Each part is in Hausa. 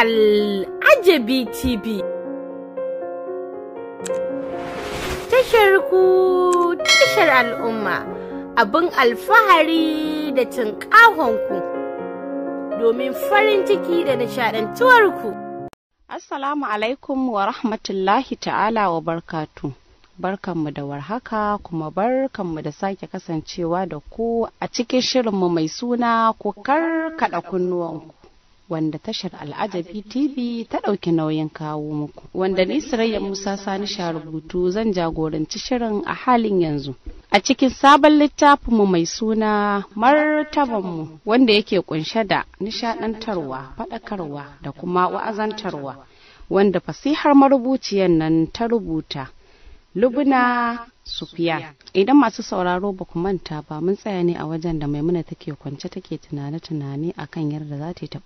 Al'ajabi TV. Tashar ku tashar al'umma abin alfahari da cin ku domin farin ciki da ku. Assalamu alaikum wa rahmatullahi ta'ala wa barkatu. Barkanmu da warhaka kuma barkanmu da sake kasancewa da ku a cikin shirinmu mai suna ku karkaɗa kunnuwanku. wanda tashar al'ajabi tv ta ɗauki nauyin kawo muku wanda ni sirayya musa sani sha rubutu zan jagoranci shirin a halin yanzu a cikin sabon littafinmu mai suna martabanmu wanda yake kunshe da nishadantarwa faɗakarwa da kuma wa'azantarwa wanda fasihar marubuciyar nan ta rubuta lubuna sufiya idan masu sauraro ba ku manta ba mun tsaya ne a wajen da maimuna take kwance take tunane-tunane akan yadda za ta yi ta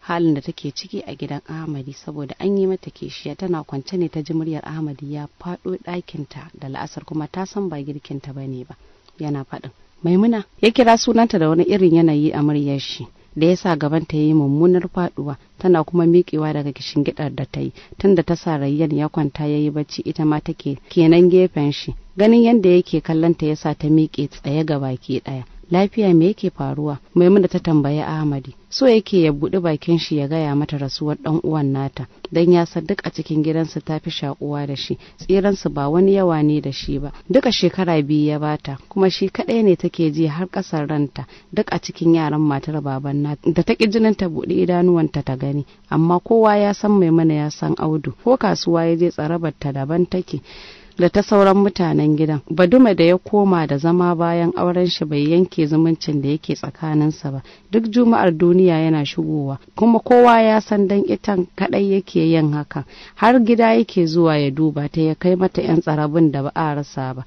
halin da take ciki a gidan ahmadi saboda an yi mata kishiya, tana kwance ne ta ji muryar ahmadi ya faɗo ɗakinta da la'asar kuma ta san ba girkinta ba ne ba yana faɗin maimuna ya kira sunanta da wani irin yanayi a muryar shi da ya sa gaban ta yi mummunar faduwa tana kuma miƙewa daga gida da ta yi tunda ta sa rayyan ya kwanta ya yi bacci ita ma take kenan gefen shi ganin yadda yake kallon ta sa ta miƙe tsaye ga baki ɗaya lafiya me yake faruwa maimuna ta tambayi ahmadi so yake ya buɗi bakin shi ya gaya mata rasuwar ɗan uwan nata dan ya san duk a cikin gidansa ta fi shakuwa da shi tsiransu ba wani yawa ne da shi ba duka shekara biyu ya bata kuma shi kaɗai ne take ji har ƙasar ranta duk a cikin yaran matar baban nata da ta jinin ta buɗe idanuwanta ta gani amma kowa ya san maimuna ya san audu ko kasuwa ya je tsarabar ta daban take da ta sauran mutanen gidan baduma da ya koma da zama bayan auren shi bai yanke zumuncin da yake tsakaninsa ba duk juma'ar duniya yana shigowa kuma kowa ya san dan itan kadai yake yin haka har gida yake zuwa ya duba ta ya kai mata yan tsarabin da ba a rasa ba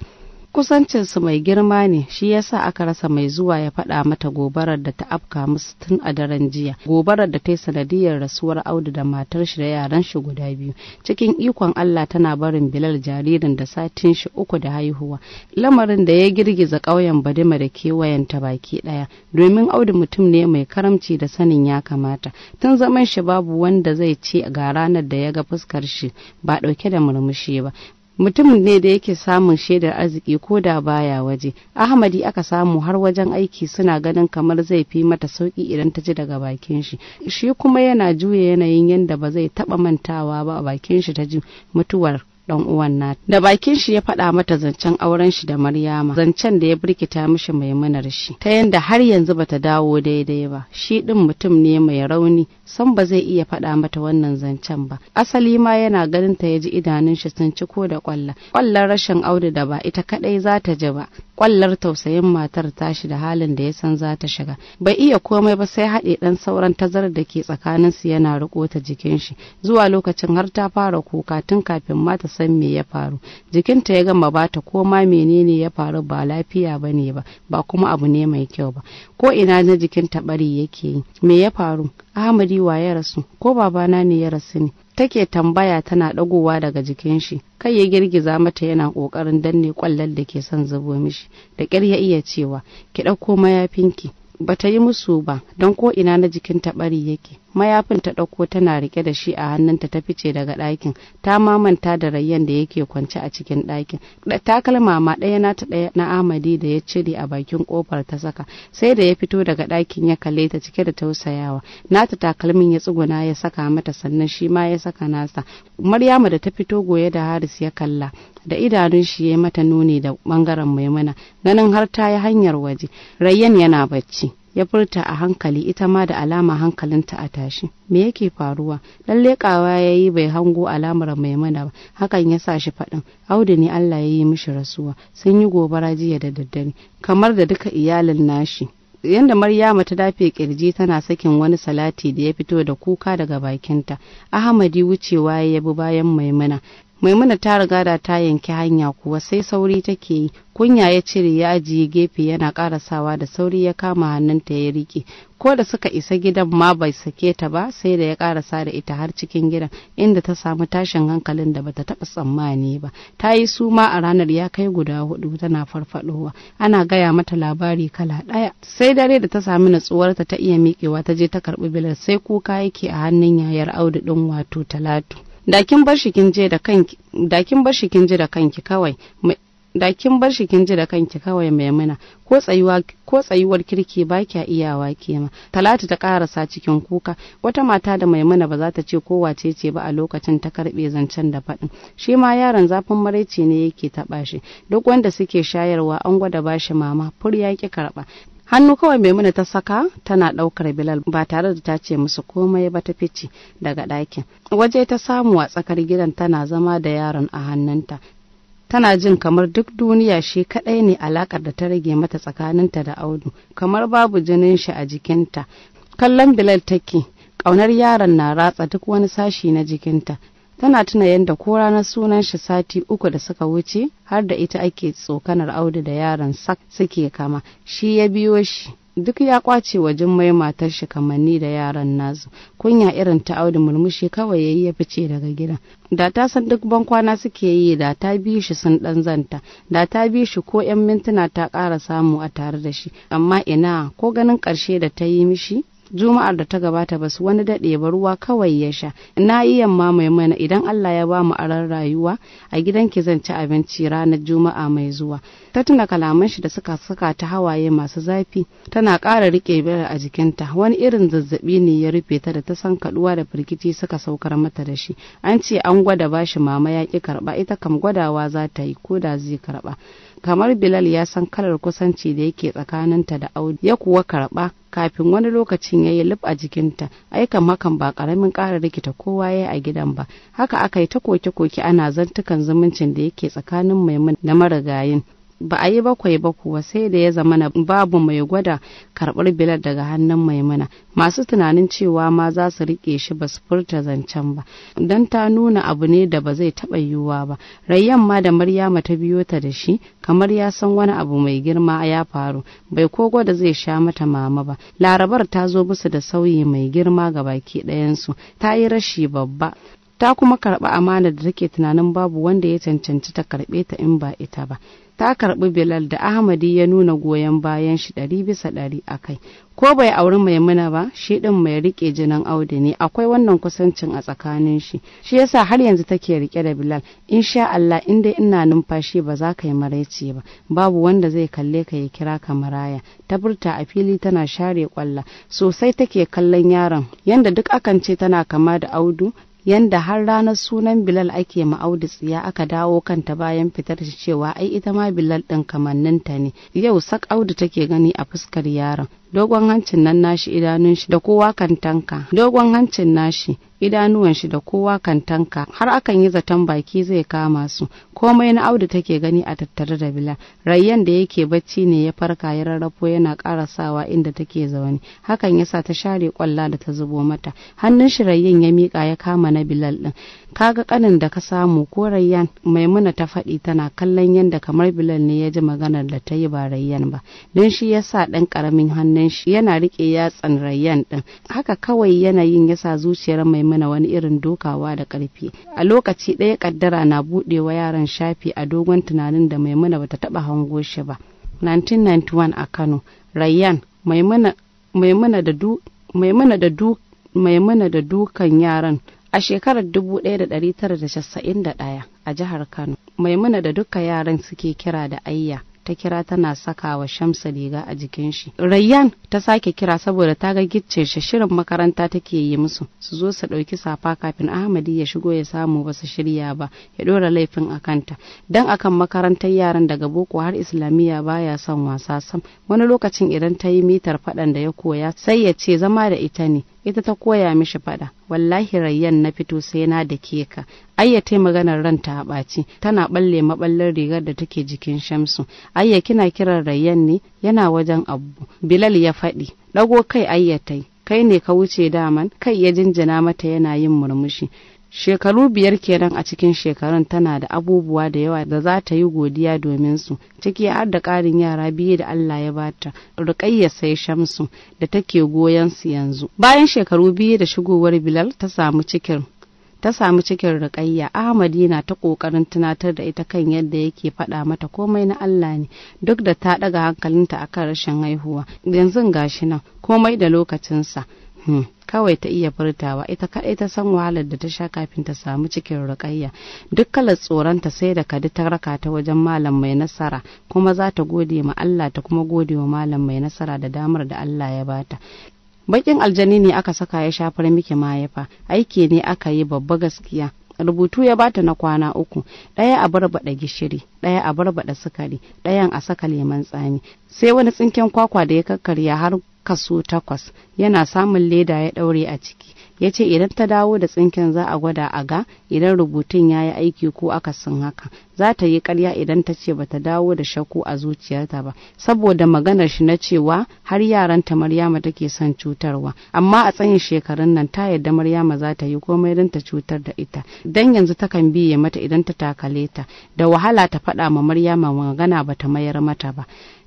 kusancinsu mai girma ne shi yasa aka rasa mai zuwa ya faɗa mata gobarar da ta afka musu tun a daren jiya gobarar da ta yi sanadiyar rasuwar audu da matar shi da yaran shi guda biyu cikin ikon allah tana barin bilal jaririn da satin shi uku da haihuwa lamarin da ya girgiza ƙauyen badima da kewayenta baki ɗaya domin audu mutum ne mai karamci da sanin ya kamata tun zaman shi babu wanda zai ce ga ranar da ya ga fuskar shi ba ɗauke da murmushi ba mutumin ne da yake samun shaidar arziki ko da baya waje ahmadi aka samu har wajen aiki suna ganin kamar zai fi mata sauki idan ta ji daga bakin shi shi kuma yana juya yanayin yadda ba zai taba mantawa ba a bakin shi ta ji mutuwar dan uwan na da bakin shi ya faɗa mata zancen auren shi da Maryama zancen da ya birkita mishi maimunar shi ta yanda har yanzu bata dawo daidai ba shi din mutum ne mai rauni san ba zai iya faɗa mata wannan zancen ba asali ma yana ganin ta yaji ji idanun shi sun ciko da kwalla kwallar rashin audu da ba ita kadai za ta ji ba kwallar tausayin matar tashi da halin da ya san za ta shiga bai iya komai ba sai haɗe ɗan sauran tazarar da ke tsakanin su yana riko ta jikin shi zuwa lokacin har ta fara kuka tun kafin ma ta san me ya faru jikinta ya gama ba bata koma menene ya faru ba lafiya ba ne ba ba kuma abu ne mai kyau ba ko ina na jikinta ta bari yake yi me ya faru Ahmadi wa ya rasu ko babana ne ya rasu ne take tambaya tana dagowa daga jikin shi kai ya girgiza mata yana ƙoƙarin danne kwallon da ke son zubo mishi da ƙyar ya iya cewa ki ɗauko mayafinki bata yi musu ba don ko ina na jikin bari yake mayafin ta ɗauko tana rike da shi a hannunta ta fice daga ɗakin ta mamanta da rayyan da yake kwance a cikin ɗakin takalma ma ɗaya na ta ɗaya na amadi da ya cire a bakin kofar ta saka sai da ya fito daga ɗakin ya kalle ta cike da tausayawa nata takalmin ya tsuguna ya saka mata sannan shi ma ya saka nasa maryama da ta fito goye da haris ya kalla da idanun shi ya mata nuni da ɓangaren maimuna ganin har ta yi hanyar waje rayyan yana bacci ya furta a hankali ita ma da alama hankalinta a tashi me yake faruwa lalle leƙawa ya yi bai hango alamar maimuna ba hakan ya sa shi faɗin audu ne allah ya yi mishi rasuwa sun yi gobara jiya da daddare kamar da duka iyalin nashi yadda maryama ta dafe kirji tana sakin wani salati da ya fito da kuka daga bakinta ahmadi wucewa ya bi bayan maimuna maimuna ta riga da ta yanki hanya kuwa sai sauri take yi kunya ya cire ya ajiye gefe yana karasawa da sauri ya kama hannunta ya rike ko da suka isa gidan ma bai sake ta ba sai da ya karasa da ita har cikin gidan inda ta samu tashin hankalin da bata taba tsammani ba ta yi suma a ranar ya kai guda hudu tana farfadowa ana gaya mata labari kala daya sai dare da ta sami natsuwarta ta iya miƙewa ta je ta karbi bilar sai kuka yake a hannun yayar audu din wato talatu Dakin kin bar shi kin je da kanki kawai da kin ji da kanki kawai maimuna ko tsayuwar kirki ba kya iyawa kema talatu ta karasa cikin kuka wata mata da maimuna ba za ta ce ko wace ce ba a lokacin ta karbe zancen da faɗin shi ma yaron zafin maraice ne yake taɓa shi duk wanda suke shayarwa an gwada bashi mama fur ya ki karɓa hannu kawai maimuna ta saka tana ɗaukar bilal ba tare da ta ce musu komai ba ta fice daga ɗakin waje ta samu a tsakar gidan tana zama da yaron a hannunta tana jin kamar duk duniya shi kaɗai ne alaƙar da ta rage mata tsakaninta da audu kamar babu jinin shi a jikinta kallon bilal take ƙaunar yaron na ratsa duk wani sashi na jikinta tana tuna yadda ko ranar sunan shi sati uku da suka wuce har da ita ake tsokanar audu da yaron suke kama shi ya biyo shi duk ya kwace wa jummai matar shi kamanni da yaran nasu kunya irin ta audu murmushi kawai yayi ya fice daga gida. da ta san duk bankwana suke yi da ta bi shi sun dan zanta da ta bi shi ko yan mintuna ta ƙara samu a tare da shi amma ina ko ganin ƙarshe da ta yi mishi juma'ar da ta gabata ba su wani daɗe ba ruwa kawai ya sha na iya ma mana? idan allah ya ba mu aran rayuwa a gidan ki zan ci abinci ranar juma'a mai zuwa ta tuna kalaman shi da suka saka ta hawaye masu zafi tana ƙara riƙe bera a jikinta wani irin zazzabi ne ya rufe ta da ta san kaduwa da firgici suka saukar mata da shi an ce an gwada bashi mama ya ƙi karɓa ita kam gwadawa za ta yi ko da zai karɓa kamar bilal ya san kalar kusanci da yake tsakaninta da audu ya kuwa karɓa kafin wani lokacin ya yi a jikinta aikan hakan ba karamin ƙara rikita kowa ya a gidan ba haka aka yi ta koke-koke ana zantukan zumuncin da yake tsakanin maimun na marigayin ba a yi bakwai ba kuwa sai da ya zamana babu mai gwada karɓar bilar daga hannun maimuna masu tunanin cewa ma za su riƙe shi ba su furta zancen ba don ta nuna abu ne da ba zai taɓa yiwuwa ba rayyan ma da maryama ta biyo ta da shi kamar ya san wani abu mai girma ya faru bai ko gwada zai sha mata mama ba larabar ta zo musu da sauyi mai girma ga baki ɗayansu ta yi rashi babba ta kuma karɓi amana da take tunanin babu wanda ya cancanci ta karɓe ta in ba ita ba ta karbi bilal da ahmadi ya nuna goyon bayan shi ɗari bisa ɗari a kai ko bai auri maimuna ba shi ɗin mai riƙe jinan audu ne akwai wannan kusancin a tsakanin shi shi yasa har yanzu take rike da bilal in sha Allah in dai ina numfashi ba za ka yi maraici ba babu wanda zai kalle ka ya kira ka maraya ta furta a fili tana share kwalla sosai take kallon yaron yanda duk akan ce tana kama da audu yanda har ranar sunan bilal ake ma'audu tsiya aka dawo kanta bayan fitar shi cewa ai ita ma bilal ɗin kamanninta ne yau sak audu take gani a fuskar yaron dogon hancin nan nashi idanun shi da kowa kan tanka dogon hancin nashi idanuwan shi da kowa kan tanka har akan yi zaton baki zai kama su komai na audu take gani a tattare da bila rayyan da yake bacci ne ya farka ya rarrafo yana karasawa inda take zaune hakan yasa ta share kwalla da ta zubo mata hannun shi rayyan ya mika ya kama na bilal din kaga kanin da ka samu ko rayyan maimuna ta faɗi tana kallon yadda kamar bilal ne ya ji maganar da ta yi ba rayyan ba don shi yasa ɗan ƙaramin hannun hannun shi yana rike yatsan rayyan din haka kawai yanayin yasa zuciyar maimuna wani irin dokawa da karfi a lokaci ɗaya kaddara na budewa yaran shafi a dogon tunanin da maimuna bata taba hango shi ba 1991 a kano rayyan maimuna da du maimuna da du maimuna da dukan yaran a shekarar 1991 a jihar kano maimuna da duka yaran suke kira da ayya ta kira tana saka wa Shamsa riga a jikin shi. Rayyan ta sake kira saboda ta ga gicce shi shirin makaranta take yi musu su zo su ɗauki safa kafin Ahmadi ya shigo ya samu ba su shirya ba ya ɗora laifin a kanta. Dan akan makarantar yaran daga boko har islamiyya baya son wasa sam wani lokacin idan ta yi mitar faɗan da ya koya sai ya ce zama da ita ne ita ta koya mishi faɗa wallahi rayyan na fito sai na da ke ayya maganar ranta a ɓaci tana ɓalle maɓallin rigar da take jikin shamsu ayya kina kiran rayyan ne yana wajen abu bilal ya faɗi ɗago kai ayyatai kai ne ka wuce daman kai ya jinjina mata yana yin murmushi shekaru biyar kenan a cikin shekarun tana da abubuwa da yawa da za ta yi godiya domin su ciki har da ƙarin yara biyu da Allah ya bata rukayya sai shamsu da take goyon su yanzu bayan shekaru biyu da shigowar bilal ta samu cikin ta samu cikin rikayya ahmad yana ta kokarin tunatar da ita kan yadda yake faɗa mata komai na allah ne duk da ta ɗaga hankalinta akan rashin haihuwa yanzu gashi nan komai da lokacinsa hmm, kawai ta iya furtawa ita kaɗai ta san wahalar da ta sha kafin ta samu cikin rukayya duk kalar tsoronta sai da kadi ta raka ta wajen malam mai nasara kuma za ta gode ma Allah ta kuma gode wa malam mai nasara da damar da Allah ya bata bakin aljani ne aka saka ya shafar miki mahaifa aiki ne aka yi babba gaskiya rubutu ya bata na kwana uku ɗaya a barbaɗa gishiri ɗaya a barbaɗa sukari ɗayan a saka leman tsami sai wani tsinken kwakwa da ya kakkarya har kaso takwas yana samun leda ya ɗaure a ciki ya ce idan ta dawo da tsinken za a gwada a ga idan rubutun ya yi aiki ko akasin haka za ta yi karya idan ta ce ba ta dawo da shakku a zuciyarta ba saboda maganar shi na cewa har yaran ta maryama take son cutarwa amma a tsayin shekarun nan ta yarda maryama za ta yi komai don ta cutar da ita dan yanzu ta kan biye mata idan ta takale ta da wahala ta faɗa ma maryama magana ba ta mayar mata ba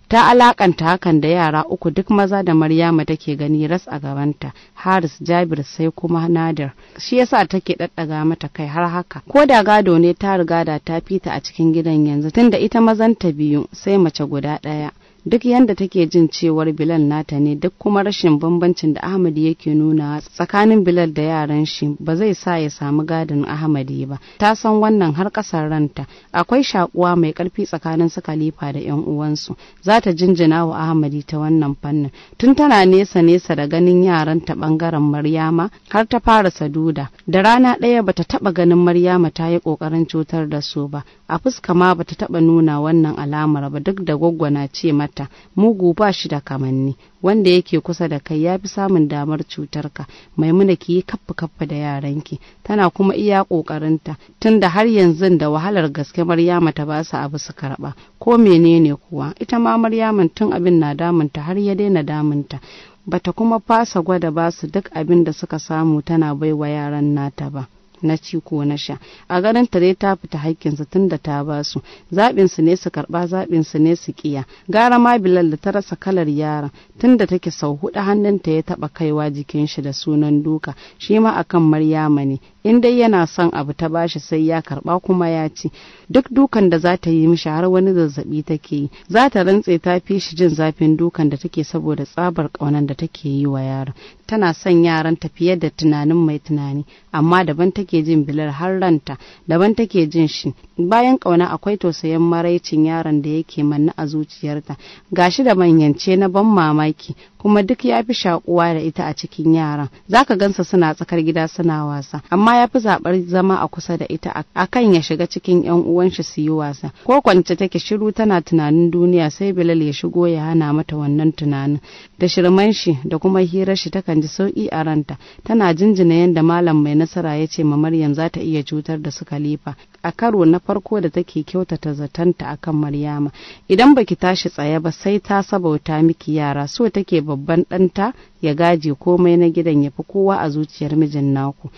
ta alakanta hakan da yara uku duk maza da maryama take gani ras a gabanta haris jabir sai kuma nadir shi yasa take daddaga mata kai har haka ko da gado ne ta riga da ta fita a cikin gidan yanzu tunda ita mazanta biyu sai mace guda ɗaya duk yadda take jin cewar bilal nata ne duk kuma rashin bambancin da ahmad yake nuna tsakanin bilal da yaran shi ba zai sa ya samu gadin ahmadi ba ta san wannan har kasar ranta akwai shakuwa mai ƙarfi tsakanin su khalifa da yan uwansu za ta jinjina wa ahmadi ta wannan fannin tun tana nesa nesa da ganin yaran ta bangaren maryama har ta fara saduda da rana ɗaya bata taba ganin maryama ta yi ƙoƙarin cutar da su ba a fuska ma bata taba nuna wannan alamar ba duk da gwaggwana ce mata mugu ba shi da kamanni wanda yake kusa da kai ya fi samun damar cutarka maimuna ki yi kaffa kaffa da yaranki tana kuma iya ƙoƙarinta tunda har yanzu da wahalar gaske maryama ta ba su abu su karɓa ko menene kuwa ita ma maryaman tun abin na damunta har ya daina damunta bata kuma fasa gwada ba su duk abin da suka samu tana baiwa yaran nata ba na ci ko na sha a garin ta dai ta fita haƙƙinsu tun da ta ba su zaɓin su ne su karɓa zaɓin su ne su ƙiya gara ma bilal da ta rasa kalar yaron tunda take sau huɗu hannunta ya taɓa kaiwa jikin shi da sunan duka shi ma akan maryama ne in dai yana son abu ta bashi sai ya karɓa kuma ya ci duk dukan da za ta yi mishi har wani zazzaɓi take yi za ta rantse ta fi shi jin zafin dukan da take saboda tsabar ƙaunar da take yi wa yaron tana son yaran ta fiye da tunanin mai tunani amma daban take take jin bilar har ranta daban take jin shi bayan kauna akwai tausayin maraicin yaron da yake manna a zuciyarta gashi da manyance na ban mamaki kuma duk ya fi shakuwa da ita a cikin yaran Za zaka gansa suna tsakar gida suna wasa amma ya fi zaɓar zama a kusa da ita a kan ya shiga cikin yan uwanshi su yi wasa ko kwance take shiru tana tunanin duniya sai bilal ya shigo ya hana mata wannan tunanin da shirman shi da kuma hirar shi takan ji sauki a ranta tana jinjina yadda malam mai nasara ya ce ma maryam za ta iya cutar da su khalifa a karo na farko da take kyautata zatanta akan maryama idan baki tashi tsaye ba sai ta sabauta miki yara so take babban ɗanta ya gaje komai na gidan ya fi kowa a zuciyar mijin naku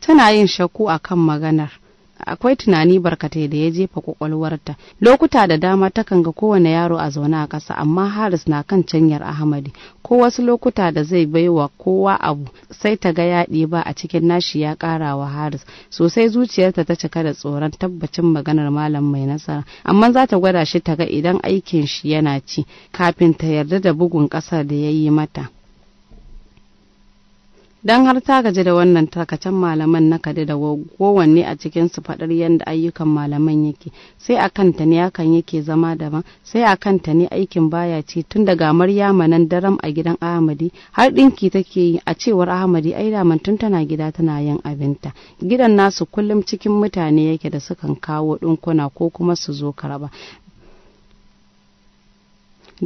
tana yin shakku a kan maganar akwai tunani barkatai da ya jefa kwakwalwarta lokuta da dama takan ga kowane yaro a zaune a ƙasa amma haris na kan canyar ahmadi ko wasu lokuta da zai baiwa kowa abu sai ta ga yaɗi ba a cikin nashi ya ƙara wa haris sosai zuciyarta ta cika da tsoron tabbacin maganar malam mai nasara amma za ta gwada shi ta ga idan aikin shi yana ci kafin ta yarda da bugun ƙasar da ya yi mata don har ta gaji da wannan tarkacen malaman na kadi da kowanne a cikin su faɗar yadda ayyukan malaman yake sai a kanta ne hakan yake zama daban sai a kanta ne aikin baya ce tun daga Marya nan daram a gidan ahmadi har ɗinki take yi a cewar ahmadi ai daman tun tana gida tana yin abinta gidan nasu kullum cikin mutane yake da sukan kawo ɗinkuna ko kuma su zo karaba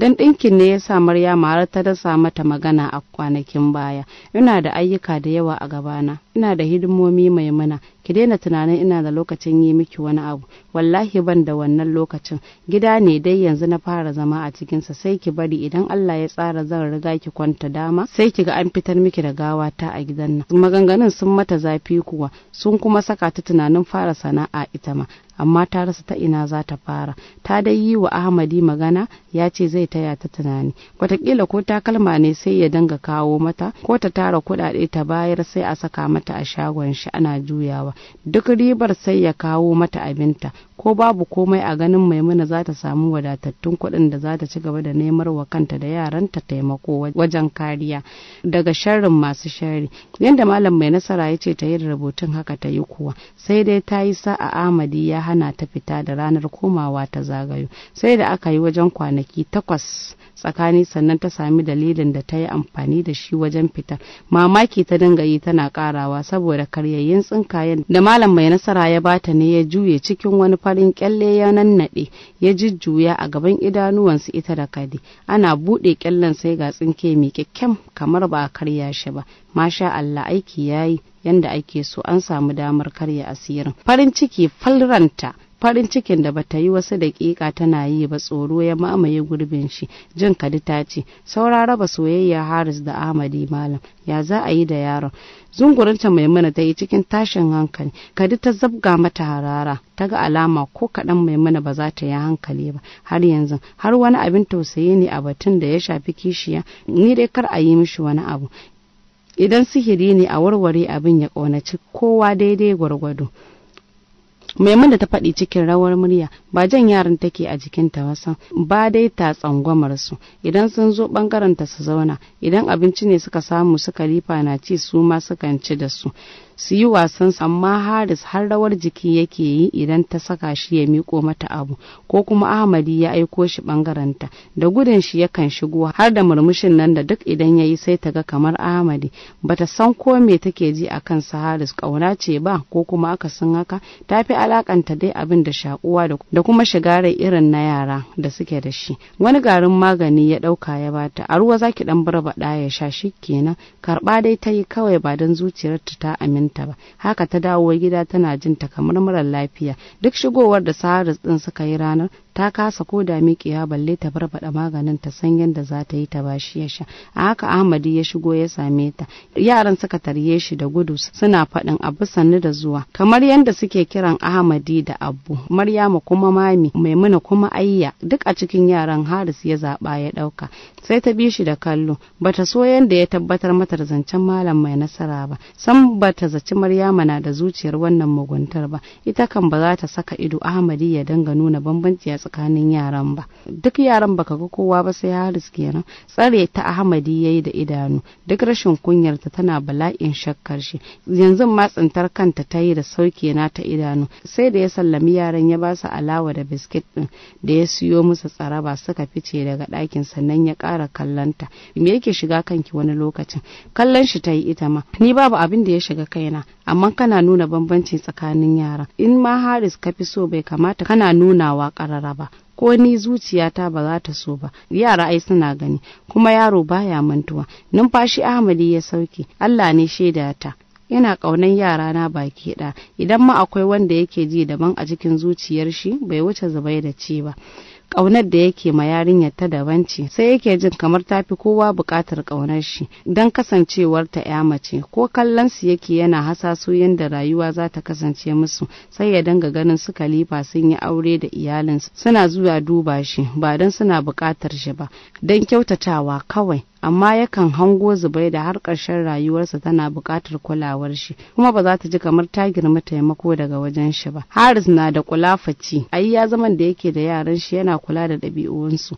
don ɗinkin ne ya sa maryama har ta dasa mata magana a kwanakin baya ina da ayyuka da yawa a gabana ina da hidimomi mai mana? ki daina tunanin ina da lokacin yi miki wani abu wallahi ban da wannan lokacin gida ne dai yanzu na fara zama a cikinsa sai ki bari idan Allah ya tsara zan riga ki kwanta dama sai ki ga an fitar miki da gawa ta a gidan nan maganganun sun mata zafi kuwa sun kuma saka ta tunanin fara sana'a ita ma amma ta rasa ta ina za ta fara ta dai yi wa ahmadi magana ya ce zai taya ta tunani watakila ko takalma ne sai ya danga kawo mata ko ta tara kuɗaɗe ta bayar sai a saka mata mata a shagon shi ana juyawa duk ribar sai ya kawo mata abinta ko babu komai a ganin maimuna za ta samu wadatattun kuɗin da za ta ci gaba da nemar wa kanta da yaranta taimako wajen kariya daga sharrin masu shari. yadda malam mai nasara ya ce ta yi rubutun haka ta yi kuwa sai dai ta yi sa'a amadi ya hana ta fita da ranar komawa ta zagayo sai da aka yi wajen kwanaki takwas tsakani sannan ta sami dalilin da ta yi amfani da shi wajen fita mamaki ta dinga yi tana karawa saboda karyayyin tsinkayen da malam mai nasara ya bata ne ya juye cikin wani farin kyalle ya nannaɗe ya jujjuya a gaban idanuwansu ita da kadi ana buɗe kyallen sai ga tsinke mai kyakkyam kamar ba a karya shi ba masha Allah aiki yayi yanda ake so an samu damar karya asirin farin ciki falranta farin cikin da bata yi wasu daƙiƙa tana yi ba tsoro ya mamaye gurbin shi jin kadi ta ce saura raba soyayya haris da ahmadi malam ya za a yi da yaron zungurinta maimuna ta yi cikin tashin hankali kadi ta zabga mata harara ta ga alama ko kaɗan maimuna ba za ta yi hankali ba har yanzu har wani abin tausayi ne a batun da ya shafi kishiya ni dai kar a yi mishi wani abu idan sihiri ne a warware abin ya ƙaunaci kowa daidai gwargwado da ta faɗi cikin rawar murya ba jan yaran take a jikin ta wasan ba dai ta tsangwamar su idan sun zo bangaren ta su zauna idan abinci ne suka samu suka rifa na ci su ma sukan ci da su su yi wasan amma haris har rawar jiki yake yi idan ta saka shi ya miko mata abu ko kuma ahmadi ya aiko shi bangaranta da gudun shi yakan shigo har da murmushin nan da duk idan ya yi sai ta ga kamar ahmadi bata san ko me take ji a kan haris kauna ce ba ko kuma aka sun haka ta fi alakanta dai abin da shakuwa da kuma shiga rai irin na yara da suke da shi wani garin magani ya ɗauka ya bata a ruwa zaki dan barbaɗa ya sha shi kenan karɓa dai ta yi kawai ba don zuciyarta ta aminta hannunta ba haka ta dawo gida tana jin ta kamar mara lafiya duk shigowar da saharis din suka yi ranar ta kasa ko da miƙiya balle ta barbaɗa maganin ta san yadda za ta yi ta bashi ya sha a haka ahmadi ya shigo ya same ta yaran suka tarye shi da gudu suna faɗin abu sannu da zuwa kamar yadda suke kiran ahmadi da abu maryama kuma mami maimuna kuma ayya duk a cikin yaran haris ya zaɓa ya ɗauka sai ta bi shi da kallo bata so yadda ya tabbatar mata da zancen malam mai nasara ba san bata zaci maryama na da zuciyar wannan muguntar ba ita kan ba za ta saka ido ahmadi ya danga nuna bambanci a tsakanin yaran ba duk yaran baka ga kowa ba sai haris kenan tsare ta ahmadi yayi da idanu duk rashin kunyar ta tana bala'in shakkar shi yanzu ma tsintar kanta ta yi da sauke na ta idanu sai da ya sallami yaran ya ba su alawa da biskit din da ya siyo musu tsaraba suka fice daga ɗakin sannan ya ƙara kallonta me yake shiga kanki wani lokacin kallon shi ta yi ita ma ni babu abin da ya shiga kaina amma kana nuna bambanci tsakanin yara in ma haris ka fi so bai kamata kana nunawa karara ba ko ni zuciyata ba za ta so ba yara ai suna gani kuma yaro baya mantuwa numfashi ahmadi ya sauke allah ne shaidata yana ƙaunar yara na baki ɗaya idan ma akwai wanda yake ji daban a cikin zuciyar shi bai wuce zubai da ci ba ƙaunar da yake ma yarinyar ta daban ce sai yake jin kamar ta fi kowa buƙatar ƙaunar shi don kasancewar ta ya mace ko kallon su yake yana hasaso yadda rayuwa za ta kasance musu sai ya danga ganin su kalifa sun yi aure da iyalinsu suna zuwa duba shi ba don suna buƙatar shi ba don kyautatawa kawai amma yakan hango zubai da har ƙarshen rayuwarsa tana buƙatar kulawar shi kuma ba za ta ji kamar ta girma taimako daga wajen shi ba haris na da kulafaci ai ya zaman da yake da yaran shi yana kula da ɗabi'uwansu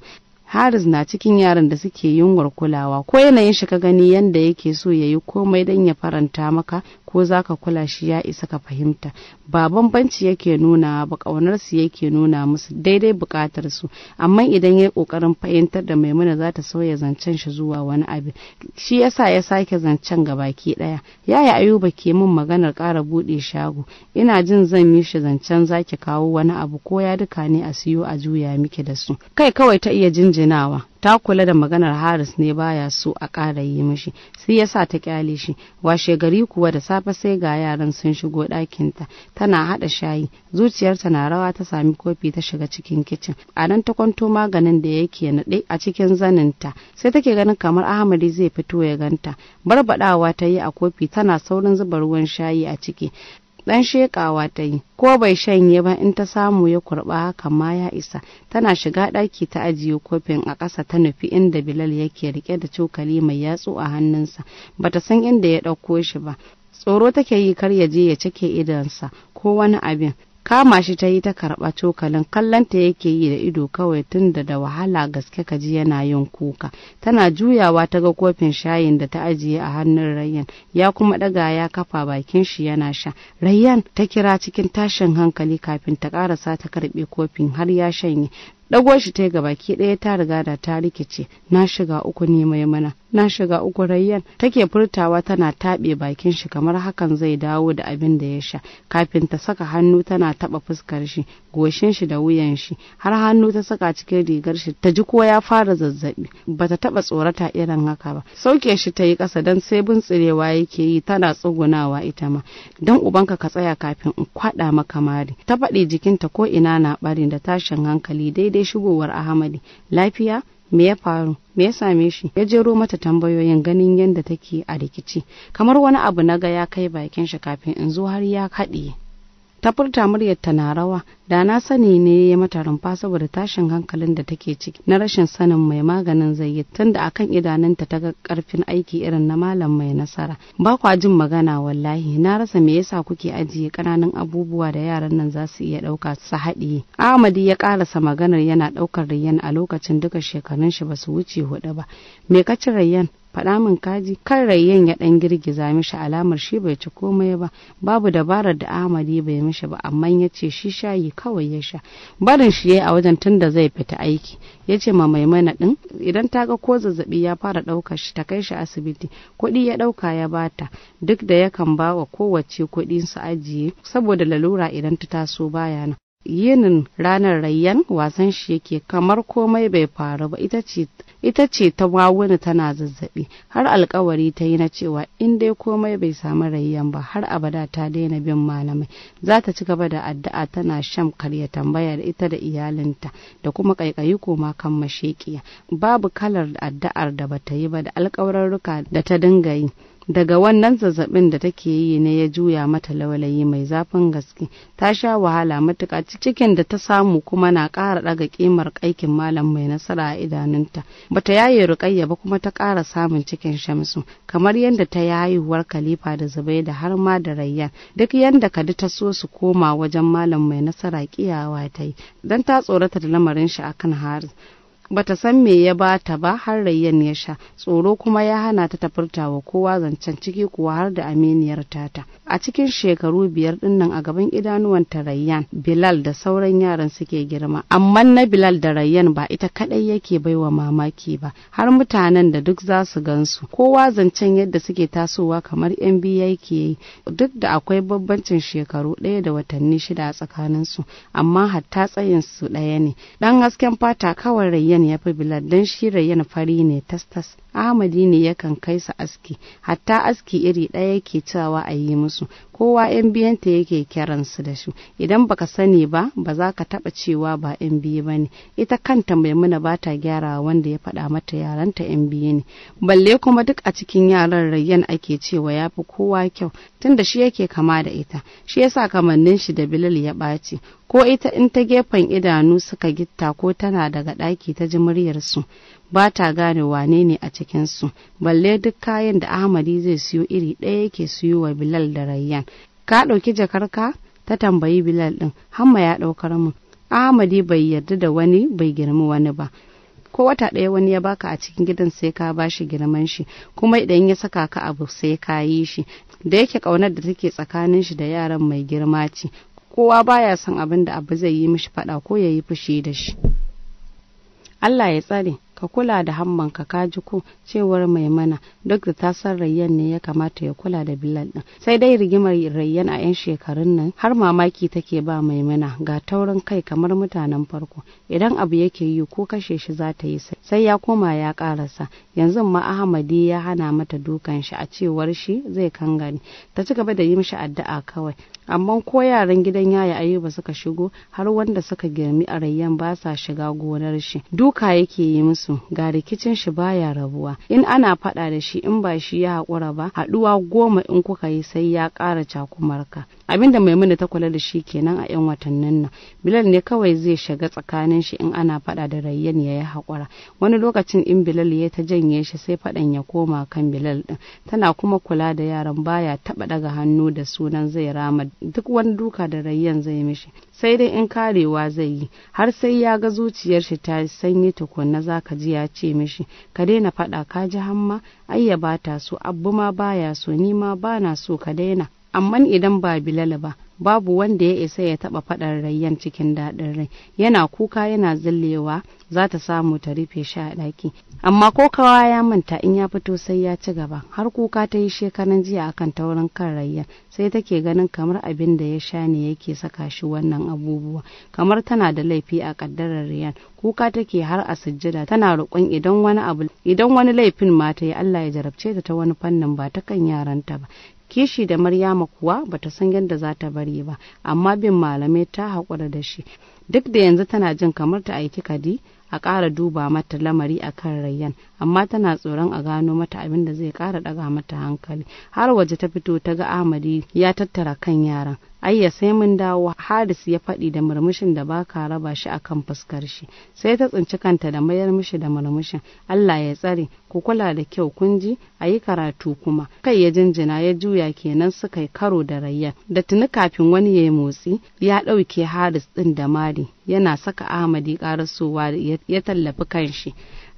Haris na cikin yaran da suke yunwar kulawa ko yanayin shi ka gani yanda yake so ya yi komai don ya faranta maka ko za ka kula shi ya isa ka fahimta ba bambanci yake nuna ba ƙaunar yake nuna musu daidai buƙatar su amma idan ya ƙoƙarin fahimtar da maimuna za ta sauya zancen shi zuwa wani abin shi yasa ya sake zancen ga baki ɗaya yaya ayuba ke min maganar ƙara buɗe shago ina jin zan yi shi zancen zaki kawo wani abu ko ya duka ne a siyo a juya miki da su kai kawai ta iya jinjinawa ta kula da maganar Haris ne baya so a ƙara yi mishi sai ya sa ta kyale shi washe gari kuwa da safe sai ga yaran sun shigo ɗakinta tana haɗa shayi zuciyarta na rawa ta sami kofi ta shiga cikin kicin a nan ta kwanto maganin da yake naɗe a cikin zaninta sai take ganin kamar Ahmadi zai fito ya ganta barbaɗawa ta yi a kofi tana saurin zuba ruwan shayi a ciki dan shekawa ta yi ko bai shanye ba in ta samu ya kurba hakan ma ya isa tana shiga ɗaki ta ajiye kofin a ƙasa ta nufi inda bilal yake rike da cokali mai yatsu a hannunsa bata san inda ya ɗauko shi ba tsoro take yi kar ya je ya cike idansa ko wani abin kama shi ta yi ta karɓa cokalin kallonta yake yi da ido kawai tunda da wahala gaske ka ji yana yin kuka tana juyawa ta ga kofin shayin da ta ajiye a hannun rayyan ya kuma ɗaga ya kafa bakin shi yana sha rayyan ta kira cikin tashin hankali kafin ta ƙarasa ta karɓe kofin har ya shanye dago shi ta gabaki ɗaya ta riga da ta rikice na shiga uku ne mai mana na shiga uku rayyan take furtawa tana taɓe bakin shi kamar hakan zai dawo da abin da ya sha kafin ta saka hannu tana taɓa fuskar shi goshin shi da wuyan shi har hannu ta saka cikin rigar shi ta ji ko ya fara zazzabi bata taba tsorata irin haka ba sauke shi ta yi kasa dan sai tsirewa yake yi tana tsugunawa ita ma dan ubanka ka tsaya kafin in kwada maka mari ta faɗi jikinta ko ina na ɓari da tashin hankali daidai shigowar Ahmadi lafiya me ya faru me ya same shi ya jero mata tambayoyin ganin yadda take a rikici kamar wani abu na ga ya kai bakin shi kafin in zo har ya kaɗiye. ta furta muryar ta na rawa da na sani ne ya mata rumfa saboda tashin hankalin da take ciki na rashin sanin mai maganin zai yi tunda akan idanunta ta ga karfin aiki irin na malam mai nasara ba kwa jin magana wallahi na rasa me yasa kuke ajiye kananan abubuwa da yaran nan za su iya dauka su haɗiye Ahmadi ya karasa maganar yana ɗaukar Rayyan a lokacin duka shekarun shi ba su wuce hudu ba me ka ci Rayyan faɗa min kaji kan rayyan ya ɗan girgiza mishi alamar shi bai ci komai ba babu dabarar da Ahmadi bai mishi ba amma ya ce shi shayi kawai ya sha barin shi yayi a wajen tun da zai fita aiki ya ce ma maimana ɗin idan ta ga ko zazzabi ya fara ɗauka shi ta kai shi asibiti kuɗi ya ɗauka ya bata duk da yakan ba wa kowace kuɗin su ajiye saboda lalura idan ta taso baya nan yinin ranar rayyan wasan shi yake kamar komai bai faru ba ita ce ita ce ta wawuna tana zazzabi har alkawari ta yi na cewa in dai komai bai samu rayyan ba har abada ta daina bin malamai za ta ci gaba da addu'a tana shan karya tambaya da ita da iyalinta da kuma kaikayi koma kan mashekiya babu kalar addu'ar da bata yi ba da alkawarruka da ta dinga yi daga wannan zazzabin da take yi ne ya juya mata lawalayi mai zafin gaske ta sha wahala matuka cikin da ta samu kuma na ƙara ɗaga ƙimar aikin malam mai nasara a idanunta bata yaye ruƙayya ba kuma ta ƙara samun cikin shamsu kamar yadda ta yi haihuwar khalifa da da har ma da rayyan duk yadda kadi ta so su koma wajen malam mai nasara kiyawa ta yi don ta tsorata da lamarin shi akan haris bata san me ya ba ta ba har rayyan ya sha tsoro kuma ya hana ta tafurta wa kowa zancen ciki kuwa har da aminiyar tata a cikin shekaru biyar dinnan a gaban idanuwan ta rayyan bilal da sauran yaran suke girma amma na bilal da rayyan ba ita kadai yake baiwa mamaki ba har mutanen da duk za su gansu kowa zancen yadda suke tasowa kamar yan biya ke yi duk da akwai bambancin shekaru ɗaya da watanni shida a tsakaninsu amma hatta tsayin su ɗaya ne Ɗan hasken fata kawai rayyan ya fi bilal don na fari ne tas tas Ahmadi ne yakan kai su aski hatta aski iri ɗaya yake cewa a yi musu kowa yan biyanta yake kiran su da shi idan baka sani ba ba za ka taba cewa ba yan biyu ba ne ita kanta maimuna ba ta gyara wanda ya faɗa mata yaranta yan biyu ne balle kuma duk a cikin yaran rayyan ake cewa ya fi kowa kyau tunda shi yake kama da ita shi yasa kamannin shi da bilal ya ɓaci ko ita in ta gefen idanu suka gitta ko tana daga ɗaki ta ji muryarsu ba ta gane wane ne a cikinsu balle duk kayan da ahmadi zai siyo iri ɗaya yake siyo wa bilal da rayyan ka ɗauki jakar ka? ta tambayi bilal ɗin hamma ya ɗaukar mu ahmadi bai yarda da wani bai girmi wani ba ko wata ɗaya wani ya baka a cikin gidan sai ka bashi girman shi kuma idan ya saka ka abu sai ka yi shi da yake ƙaunar da take tsakanin shi da yaran mai girma ce kowa baya son abin da abu zai yi mishi faɗa ko ya yi fushi da shi Allah ya tsare ka kula da hamman ka kaji ko cewar maimana duk da ta san rayyan ne ya kamata ya kula da bilal din sai dai rigimar rayyan a yan shekarun nan har mamaki take ba maimana ga taurin kai kamar mutanen farko idan abu yake yi ko kashe shi za ta yi sai ya koma ya karasa yanzu ma ahmadi ya hana mata dukan shi a cewar shi zai kangane ta ci gaba da yi mishi addu'a kawai amma ko yaran gidan yaya ayuba suka shigo har wanda suka girmi a rayyan ba sa shiga gonar shi duka yake yi musu ga rikicin shi baya rabuwa in ana faɗa da shi in ba shi ya haƙura ba haɗuwa goma in kuka yi sai ya ƙara cakumarka abinda maimuna ta kula da shi kenan a yan watannin nan bilal ne kawai zai shiga tsakanin shi in ana faɗa da rayyan ya yi haƙura wani lokacin in bilal ya ta janye shi sai faɗan ya koma kan bilal ɗin tana kuma kula da yaran baya taba daga hannu da sunan zai rama duk wani duka da rayyan zai mishi sai dai in karewa zai yi har sai ya ga zuciyar shi ta sanyi tukunna zaka ji ya ce mishi ka daina faɗa ka ji hamma ayya ba bata so abu ma baya so ni ma bana so ka daina amma idan ba bilal ba babu wanda ya isa ya taba faɗar rayyan cikin daɗin rai yana kuka yana zillewa za ta samu ta rufe shi a ɗaki amma ko kawa ya manta in ya fito sai ya ci gaba har kuka ta yi shekaran jiya akan taurin kan rayyan sai take ganin kamar abin da ya sha ne yake saka shi wannan abubuwa kamar tana da laifi a kaddarar riyan kuka take har a sujjada tana roƙon idan wani abu idan wani laifin ma ta yi Allah ya jarabce ta ta wani fannin ba ta kan yaranta ba kishi da maryama kuwa bata san yadda za ta bari ba amma bin malamai ta haƙura da shi duk da yanzu tana jin kamar ta aiki kadi a ƙara duba mata lamari akan rayyan amma tana tsoron a gano mata abin da zai ƙara ɗaga mata hankali har waje ta fito ta ga amadi ya tattara kan yaran ayya sai mun dawo haris ya faɗi da murmushin da baka raba shi akan fuskar shi sai ta tsinci kanta da mayar mishi da murmushin allah ya tsare ku kula da kyau kun ji a yi karatu kuma kai ya jinjina ya juya kenan suka yi karo da rayyan da tuni kafin wani ya yi motsi ya ɗauke haris ɗin da mari yana saka ahmadi ƙarasowa ya tallafi kanshi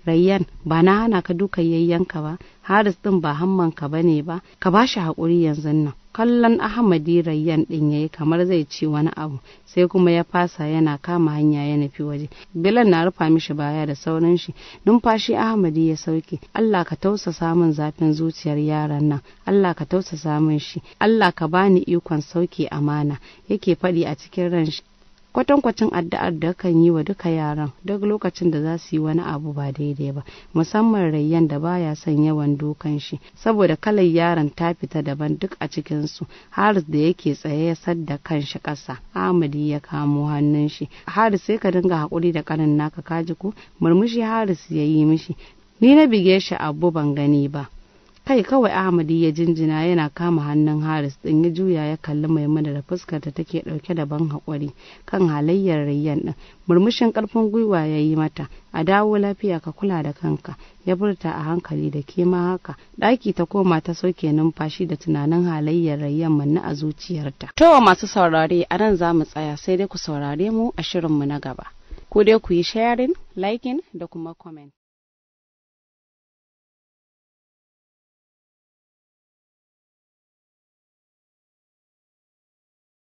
rayyan ba na hana ka duka yayyanka ba haris din ba hamman ka bane ba ka ba shi haƙuri yanzu nan kallon ahmadi rayyan din yayi kamar zai ci wani abu sai kuma ya fasa yana kama hanya ya nufi waje bilan na rufa mishi baya da sauran shi numfashi ahmadi ya sauke allah ka tausa samun zafin zuciyar yaran nan allah ka tausa samun shi allah ka bani ikon sauke amana yake faɗi a cikin ran shi kwatankwacin addu'ar da kan yi wa duka yaran duk lokacin da za su yi wani abu ba daidai ba musamman rayyan da baya son yawan dukan shi saboda kalar yaran ta fita daban duk a cikin su haris da yake tsaye ya sadda shi ƙasa amadi ya kamo hannun shi haris sai ka dinga haƙuri da ƙanin naka kaji ko murmushi haris ya yi mishi ni na bige shi abu ban gani ba kai kawai ahmadi ya jinjina yana kama hannun haris din ya juya ya kalli maimuna da fuskar ta take dauke da ban haƙuri kan halayyar rayyan din murmushin karfin gwiwa ya yi mata a dawo lafiya ka kula da kanka ya furta a hankali da ke ma haka ɗaki ta koma ta soke numfashi da tunanin halayyar rayyan manna a zuciyarta to masu saurare a nan za mu tsaya sai dai ku saurare mu a shirin mu na gaba ku dai ku yi sharing liking da kuma comment